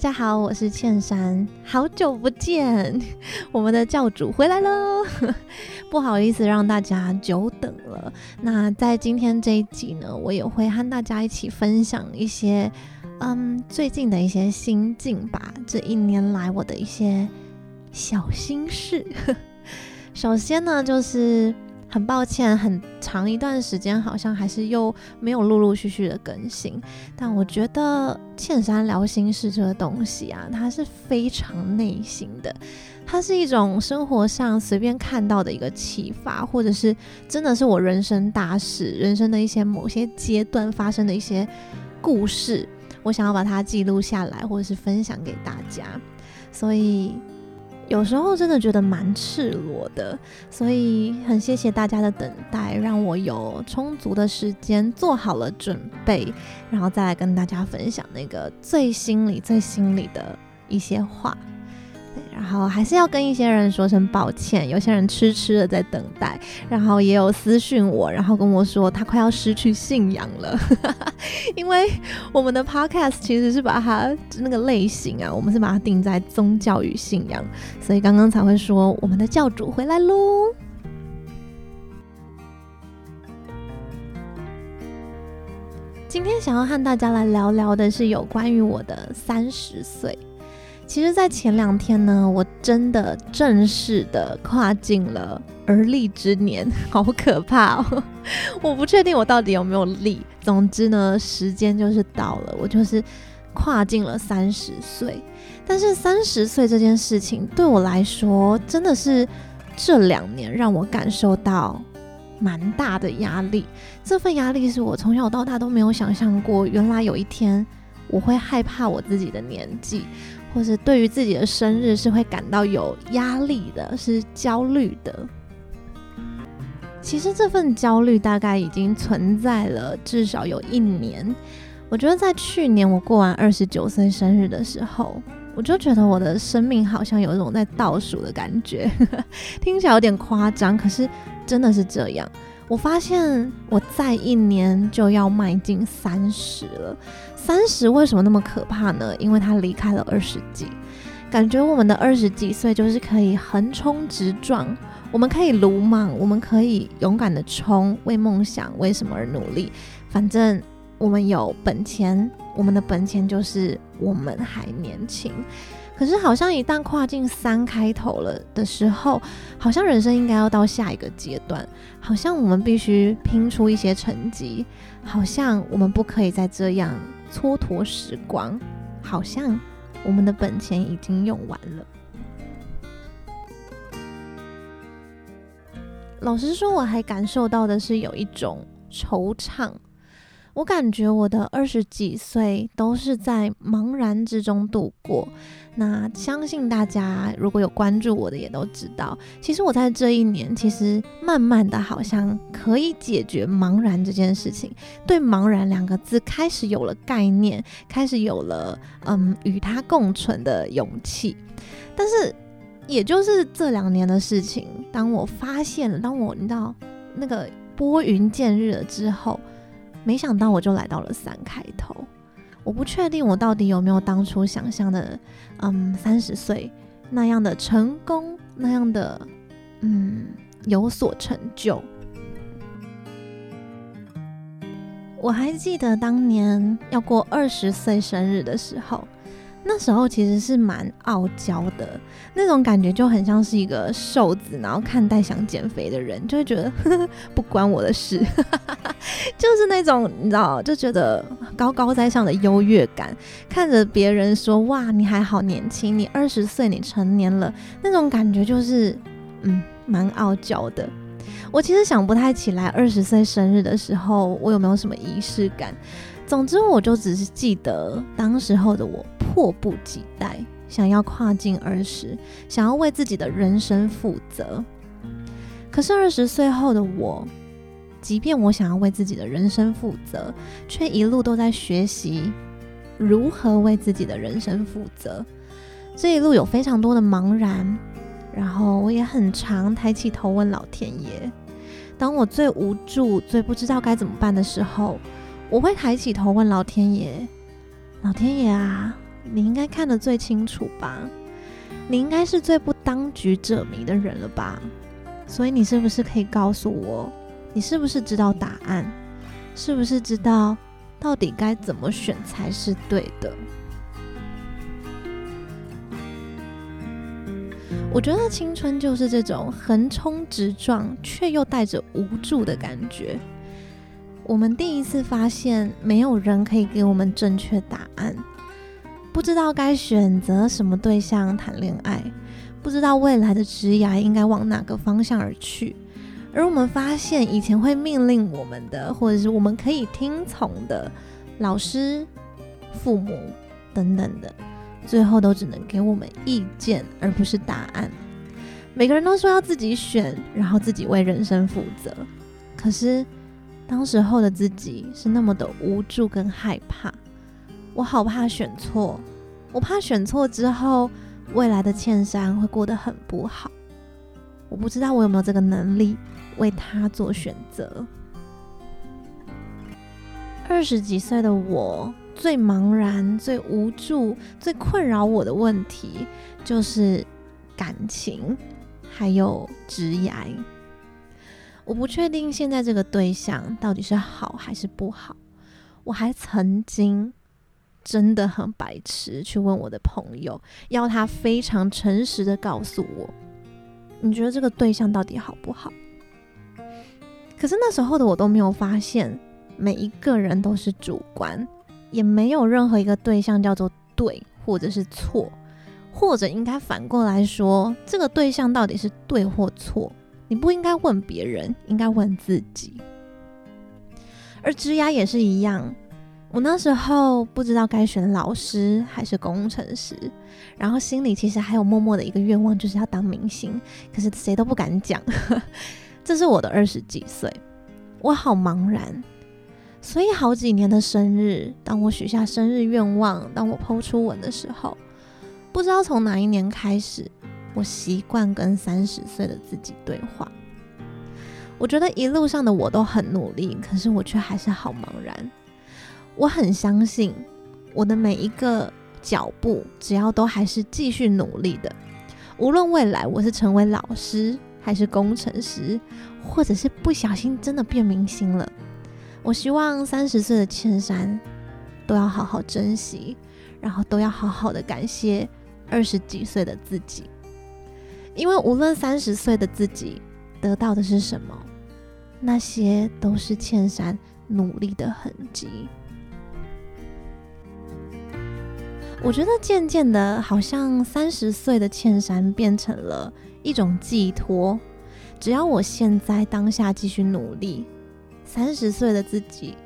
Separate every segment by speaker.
Speaker 1: 大家好，我是茜珊，好久不見，我們的教主回來了， 不好意思讓大家久等了。那在今天這一集呢，我也會和大家一起分享一些，嗯，最近的一些心境吧，這一年來我的一些小心事。 首先呢，就是。很抱歉，很長一段時間好像還是又沒有陸陸續續的更新。但我覺得《茜珊聊心室》這個東西啊，它是非常內心的，它是一種生活上隨便看到的一個啟發，或者是真的是我人生大事、人生的一些某些階段發生的一些故事，我想要把它記錄下來，或者是分享給大家，所以。有時候真的覺得蠻赤裸的，所以很謝謝大家的等待，讓我有充足的時間做好了準備，然後再來跟大家分享那個最心裡最心裡的一些話。然後還是要跟一些人說聲抱歉，有些人痴痴的在等待，然後也有私訊我，然後跟我說他快要失去信仰了， 因為我們的 podcast 其實是把它，就那個類型啊，我們是把它定在宗教與信仰，所以剛剛才會說我們的教主回來嘍。今天想要和大家來聊聊的是有關於我的三十歲。其實，在前兩天呢，我真的正式的跨進了而立之年，好可怕哦！ 我不確定我到底有沒有立。總之呢，時間就是到了，我就是跨進了三十歲。但是，三十歲這件事情對我來說，真的是這兩年讓我感受到蠻大的壓力。這份壓力是我從小到大都沒有想象過，原來有一天我會害怕我自己的年紀。或是對於自己的生日是會感到有壓力的，是焦慮的。其實這份焦慮大概已經存在了至少有一年。我覺得在去年我過完二十九歲生日的時候，我就覺得我的生命好像有一種在倒數的感覺， 聽起來有點誇張，可是真的是這樣。我發現，我再一年就要邁進三十了。三十為什麼那麼可怕呢？因為他離開了二十幾，感覺我們的二十幾歲就是可以橫衝直撞，我們可以魯莽，我們可以勇敢的衝，為夢想、為什麼而努力？反正我們有本錢，我們的本錢就是我們還年輕。可是，好像一旦跨進三開頭了的時候，好像人生應該要到下一個階段，好像我們必須拼出一些成績，好像我們不可以再這樣蹉跎時光，好像我們的本錢已經用完了。老實說，我還感受到的是有一種惆悵。我感覺我的二十幾歲都是在茫然之中度過。那相信大家如果有關注我的，也都知道，其實我在這一年，其實慢慢的，好像可以解決茫然這件事情。對“茫然”兩個字開始有了概念，開始有了嗯，與它共存的勇氣。但是，也就是這兩年的事情，當我發現了，當我你知道那個撥雲見日了之後。沒想到我就來到了三開頭，我不確定我到底有沒有當初想象的，嗯，三十歲那樣的成功，那樣的，嗯，有所成就。我還記得當年要過二十歲生日的時候，那時候其實是蠻傲嬌的那種感覺，就很像是一個瘦子，然後看待想減肥的人，就會覺得 不關我的事， 就是那種你知道，就覺得高高在上的優越感，看着別人說，哇，你還好年輕，你二十歲你成年了，那種感覺就是嗯蠻傲嬌的。我其實想不太起來二十歲生日的時候我有沒有什麼儀式感，總之我就只是記得當時候的我。迫不及待想要跨進二十，想要為自己的人生負責。可是二十歲後的我，即便我想要為自己的人生負責，卻一路都在學習如何為自己的人生負責。這一路有非常多的茫然，然後我也很常抬起頭問老天爺：當我最無助、最不知道該怎麼辦的時候，我會抬起頭問老天爺：“老天爺啊！”你應該看得最清楚吧？你應該是最不當局者迷的人了吧？所以你是不是可以告訴我，你是不是知道答案？是不是知道到底該怎麼選才是對的？我覺得青春就是這種橫衝直撞，卻又帶着無助的感覺。我們第一次發現，沒有人可以給我們正確答案。不知道該選擇什麼對象談戀愛，不知道未來的職涯應該往哪個方向而去。而我們發現，以前會命令我們的，或者是我們可以聽從的老師、父母等等的，最後都只能給我們意見，而不是答案。每個人都說要自己選，然後自己為人生負責。可是，當時候的自己是那麼的無助跟害怕。我好怕選錯，我怕選錯之後，未來的茜珊會過得很不好。我不知道我有沒有這個能力為他做選擇。二十幾歲的我，最茫然、最無助、最困擾我的問題，就是感情還有職涯。我不確定現在這個對象到底是好還是不好。我還曾經。真的很白痴，去問我的朋友，要他非常誠實的告訴我，你覺得這個對象到底好不好？可是那時候的我都沒有發現，每一個人都是主觀，也沒有任何一個對象叫做對或者是錯，或者應該反過來說，這個對象到底是對或錯？你不應該問別人，應該問自己。而枝丫也是一樣。我那時候不知道該選老師還是工程師，然後心裡其實還有默默的一個願望，就是要當明星，可是誰都不敢講。這是我的二十幾歲，我好茫然。所以好幾年的生日，當我許下生日願望，當我 PO 出文的時候，不知道從哪一年開始，我習慣跟三十歲的自己對話。我覺得一路上的我都很努力，可是我卻還是好茫然。我很相信，我的每一個腳步，只要都還是繼續努力的，無論未來我是成為老師，還是工程師，或者是不小心真的變明星了，我希望三十歲的茜珊都要好好珍惜，然後都要好好的感謝二十幾歲的自己，因為無論三十歲的自己得到的是什麼，那些都是茜珊努力的痕跡。我覺得漸漸的，好像三十歲的千山變成了一種寄託。只要我現在當下繼續努力，三十歲的自己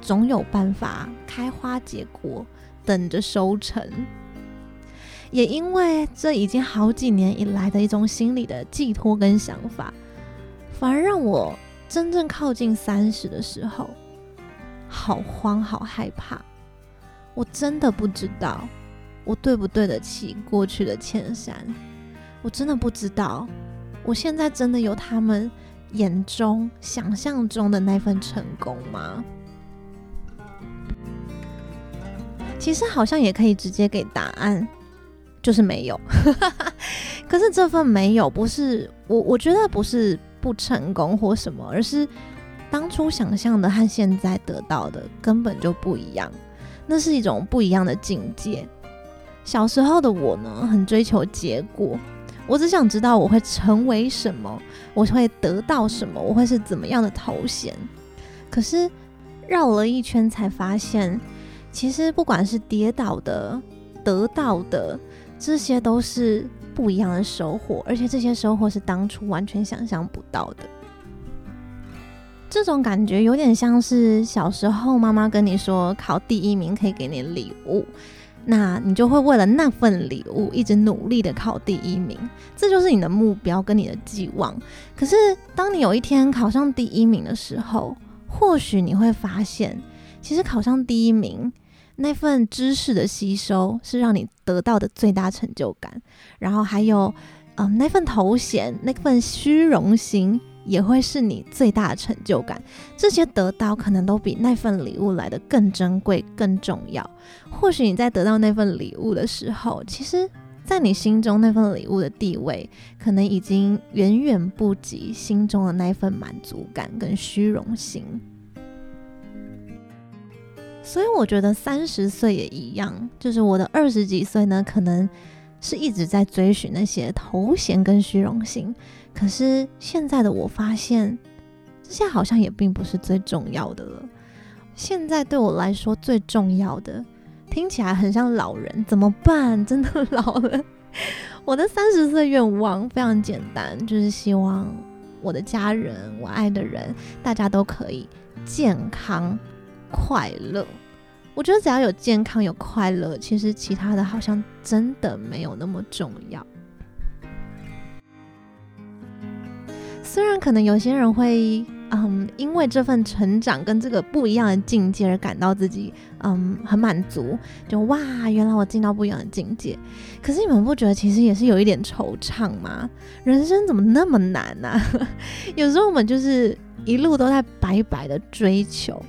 Speaker 1: 總有辦法開花結果，等着收成。也因為這已經好幾年以來的一種心理的寄託跟想法，反而讓我真正靠近三十的時候，好慌，好害怕。我真的不知道，我對不對得起過去的青春？我真的不知道，我現在真的有他們眼中想象中的那份成功嗎？其實好像也可以直接給答案，就是沒有。 可是這份沒有，不是我我覺得不是不成功或什麼，而是當初想象的和現在得到的根本就不一樣。那是一種不一樣的境界。小時候的我呢，很追求結果，我只想知道我會成為什麼，我會得到什麼，我會是怎麼樣的頭銜。可是繞了一圈才發現，其實不管是跌倒的、得到的，這些都是不一樣的收穫，而且這些收穫是當初完全想象不到的。這種感覺有點像是小時候媽媽跟你說，考第一名可以給你禮物，那你就會為了那份禮物一直努力的考第一名，這就是你的目標跟你的寄望。可是當你有一天考上第一名的時候，或許你會發現，其實考上第一名那份知識的吸收是讓你得到的最大成就感，然後還有嗯、呃、那份頭銜那份虛榮心。也會是你最大的成就感，這些得到可能都比那份禮物來得更珍貴、更重要。或許你在得到那份禮物的時候，其實，在你心中那份禮物的地位，可能已經遠遠不及心中的那份滿足感跟虛榮心。所以我覺得三十歲也一樣，就是我的二十幾歲呢，可能。是一直在追尋那些頭銜跟虛榮心，可是現在的我發現，這些好像也並不是最重要的了。現在對我來說最重要的，聽起來很像老人，怎麼辦？真的老了。 我的三十歲願望非常簡單，就是希望我的家人、我愛的人，大家都可以健康快樂。我覺得只要有健康有快樂，其實其他的好像真的沒有那麼重要。雖然可能有些人會，嗯，因為這份成長跟這個不一樣的境界而感到自己，嗯，很滿足，就哇，原來我進到不一樣的境界。可是你們不覺得其實也是有一點惆悵嗎？人生怎麼那麼難呢、啊？ 有時候我們就是一路都在白白的追求。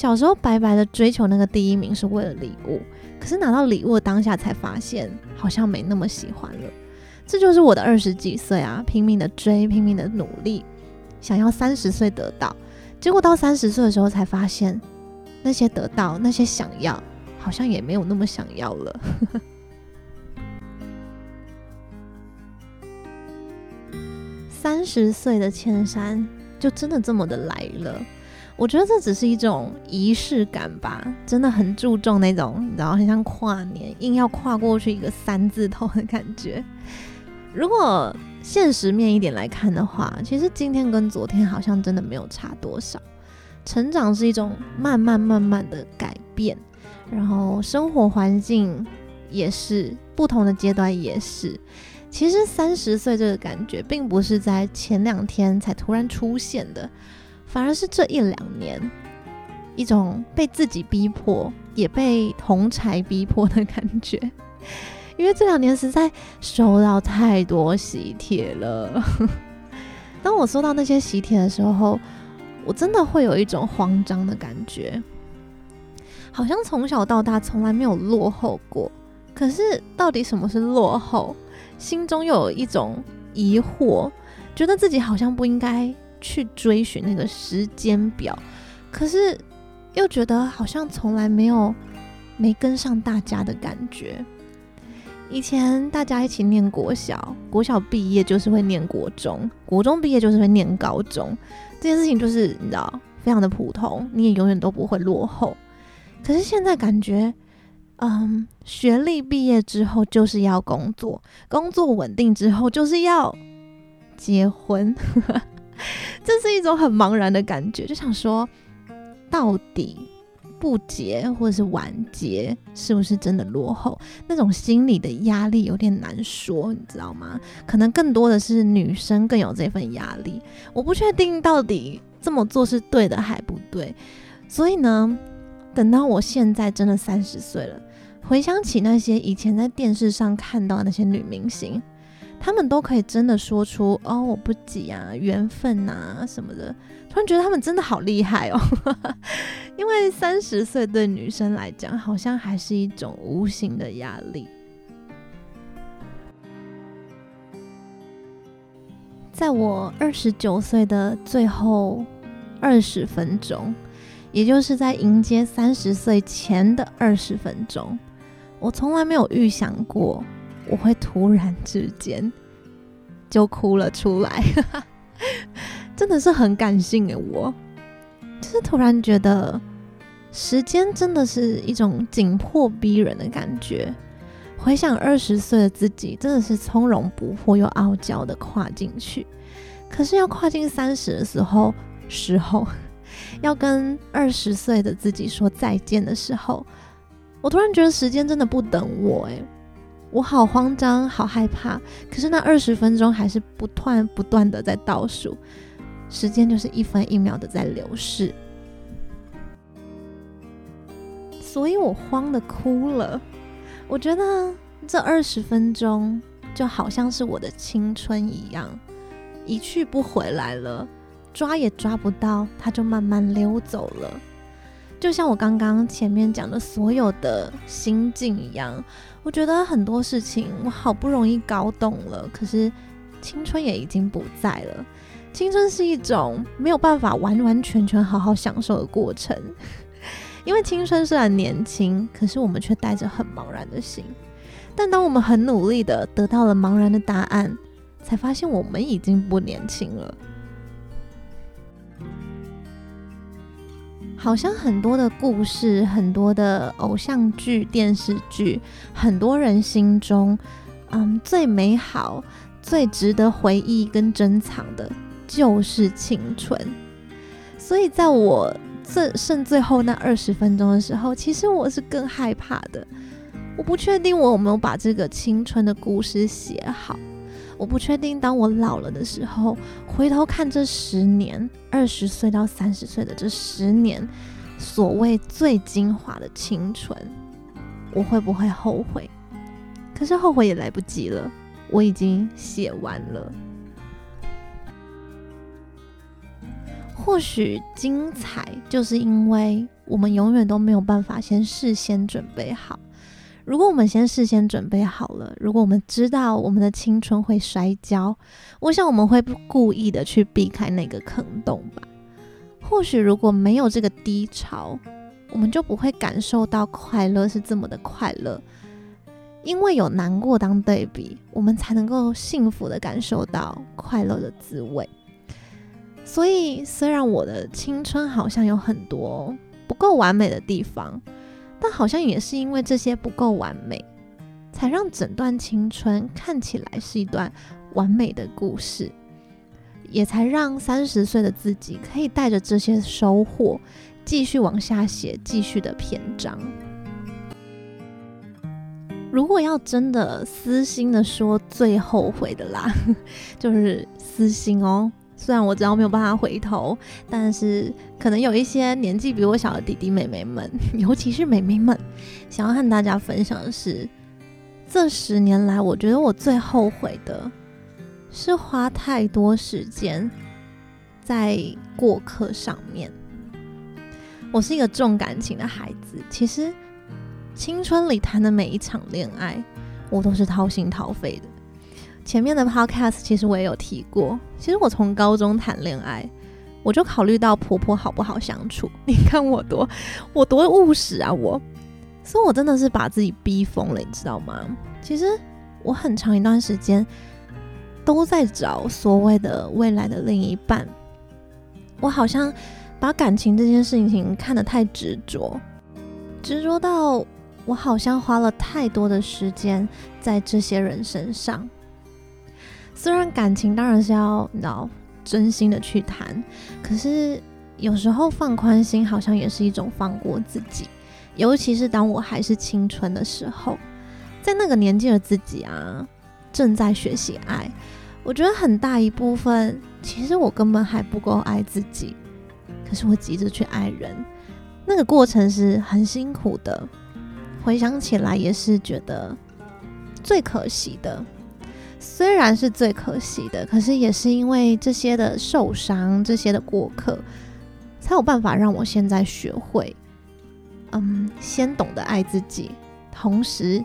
Speaker 1: 小時候白白的追求那個第一名是為了禮物，可是拿到禮物的當下才發現好像沒那麼喜歡了。這就是我的二十幾歲啊，拼命的追，拼命的努力，想要三十歲得到，結果到三十歲的時候才發現那些得到，那些想要，好像也沒有那麼想要了。 三十歲的前夕就真的這麼的來了。我覺得這只是一種儀式感吧，真的很注重那種，你知道，很像跨年，硬要跨過去一個三字頭的感覺。如果現實面一點來看的話，其實今天跟昨天好像真的沒有差多少。成長是一種慢慢慢慢的改變，然後生活環境也是，不同的階段也是。其實三十歲這個感覺，並不是在前兩天才突然出現的。反而是這一兩年，一種被自己逼迫，也被同儕逼迫的感覺，因為這兩年實在收到太多喜帖了。當我收到那些喜帖的時候，我真的會有一種慌張的感覺，好像從小到大從來沒有落後過。可是到底什麼是落後？心中又有一種疑惑，覺得自己好像不應該。去追尋那個時間表，可是又覺得好像從來沒有沒跟上大家的感覺。以前大家一起念國小，國小畢業就是會念國中，國中畢業就是會念高中，這件事情就是你知道，非常的普通，你也永遠都不會落後。可是現在感覺，嗯，學歷畢業之後就是要工作，工作穩定之後就是要結婚。 這是一種很茫然的感覺，就想說，到底不結或者是晚結，是不是真的落後？那種心理的壓力有點難說，你知道嗎？可能更多的是女生更有這份壓力。我不確定到底這麼做是對的還不對，所以呢，等到我現在真的三十歲了，回想起那些以前在電視上看到的那些女明星。他們都可以真的說出哦，我不急啊，緣分啊什麼的。突然覺得他們真的好厲害哦， 因為三十歲對女生來講，好像還是一種無形的壓力。在我二十九歲的最後二十分鐘，也就是在迎接三十歲前的二十分鐘，我從來沒有預想過。我會突然之間就哭了出來， 真的是很感性欸！我就是突然覺得時間真的是一種緊迫逼人的感覺。回想二十歲的自己，真的是從容不迫又傲嬌的跨進去；可是要跨進三十的時候，時候要跟二十歲的自己說再見的時候，我突然覺得時間真的不等我欸我好慌張，好害怕，可是那二十分鐘還是不斷不斷的在倒數，時間就是一分一秒的在流逝，所以我慌得哭了。我覺得這二十分鐘就好像是我的青春一樣，一去不回來了，抓也抓不到，它就慢慢溜走了。就像我剛剛前面講的所有的心境一樣，我覺得很多事情我好不容易搞懂了，可是青春也已經不在了。青春是一種沒有辦法完完全全好好享受的過程，因為青春雖然年輕，可是我們卻帶着很茫然的心。但當我們很努力的得到了茫然的答案，才發現我們已經不年輕了。好像很多的故事，很多的偶像劇、電視劇，很多人心中，嗯，最美好、最值得回憶跟珍藏的，就是青春。所以，在我最剩，剩最後那二十分鐘的時候，其實我是更害怕的。我不確定我有沒有把這個青春的故事寫好。我不確定，當我老了的時候，回頭看這十年，二十歲到三十歲的這十年，所謂最精華的青春，我會不會後悔？可是後悔也來不及了，我已經寫完了。或許精彩，就是因為我們永遠都沒有辦法先事先準備好。如果我們先事先準備好了，如果我們知道我們的青春會摔跤，我想我們會不故意的去避開那個坑洞吧。或許如果沒有這個低潮，我們就不會感受到快樂是這麼的快樂，因為有難過當對比，我們才能夠幸福的感受到快樂的滋味。所以，雖然我的青春好像有很多不夠完美的地方。但好像也是因為這些不夠完美，才讓整段青春看起來是一段完美的故事，也才讓三十歲的自己可以帶着這些收穫，繼續往下寫，繼續的篇章。如果要真的私心的說，最後悔的啦，就是私心哦、喔。雖然我知道沒有辦法回頭，但是可能有一些年紀比我小的弟弟妹妹們，尤其是妹妹們，想要和大家分享的是，這十年來，我覺得我最後悔的是花太多時間在過客上面。我是一個重感情的孩子，其實青春裡談的每一場戀愛，我都是掏心掏肺的。前面的 podcast 其實我也有提過。其實我從高中談戀愛，我就考慮到婆婆好不好相處。你看我多，我多務實啊！我，所以我真的是把自己逼瘋了，你知道嗎？其實我很長一段時間都在找所謂的未來的另一半。我好像把感情這件事情看得太執着執着到我好像花了太多的時間在這些人身上。雖然感情當然是要，鬧，真心的去談，可是有時候放寬心好像也是一種放過自己，尤其是當我還是青春的時候，在那個年紀的自己啊，正在學習愛，我覺得很大一部分其實我根本還不夠愛自己，可是我急着去愛人，那個過程是很辛苦的，回想起來也是覺得最可惜的。雖然是最可惜的，可是也是因為這些的受傷，這些的過客，才有辦法讓我現在學會，嗯，先懂得愛自己，同時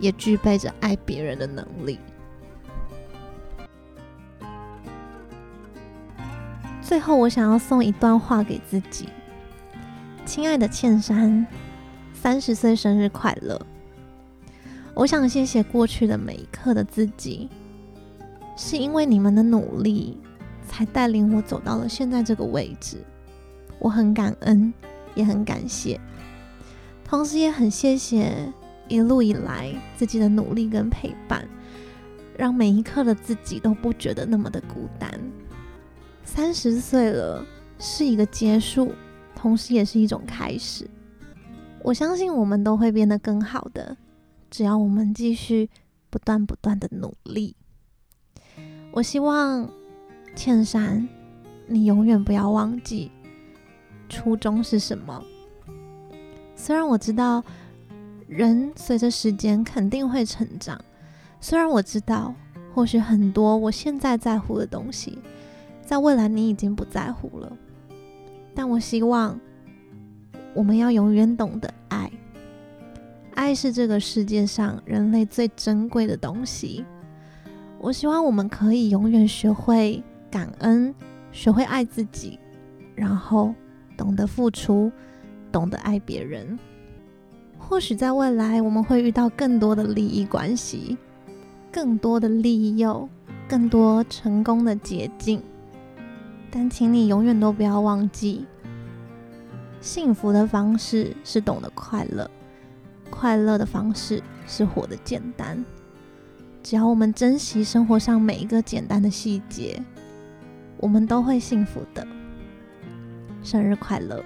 Speaker 1: 也具備着愛別人的能力。最後，我想要送一段話給自己，親愛的茜珊，三十歲生日快樂！我想謝謝過去的每一刻的自己，是因為你們的努力，才帶領我走到了現在這個位置。我很感恩，也很感謝，同時也很謝謝一路以來自己的努力跟陪伴，讓每一刻的自己都不覺得那麼的孤單。三十歲了，是一個結束，同時也是一種開始。我相信我們都會變得更好的。只要我們繼續不斷不斷的努力，我希望茜珊，你永遠不要忘記初衷是什麼。雖然我知道人隨着時間肯定會成長，雖然我知道或許很多我現在在乎的東西，在未來你已經不在乎了，但我希望我們要永遠懂得愛。愛是這個世界上人類最珍貴的東西。我希望我們可以永遠學會感恩，學會愛自己，然後懂得付出，懂得愛別人。或許在未來我們會遇到更多的利益關係，更多的利誘，更多成功的捷徑，但請你永遠都不要忘記，幸福的方式是懂得快樂。快樂的方式是活得簡單。只要我們珍惜生活上每一個簡單的細節，我們都會幸福的。生日快樂！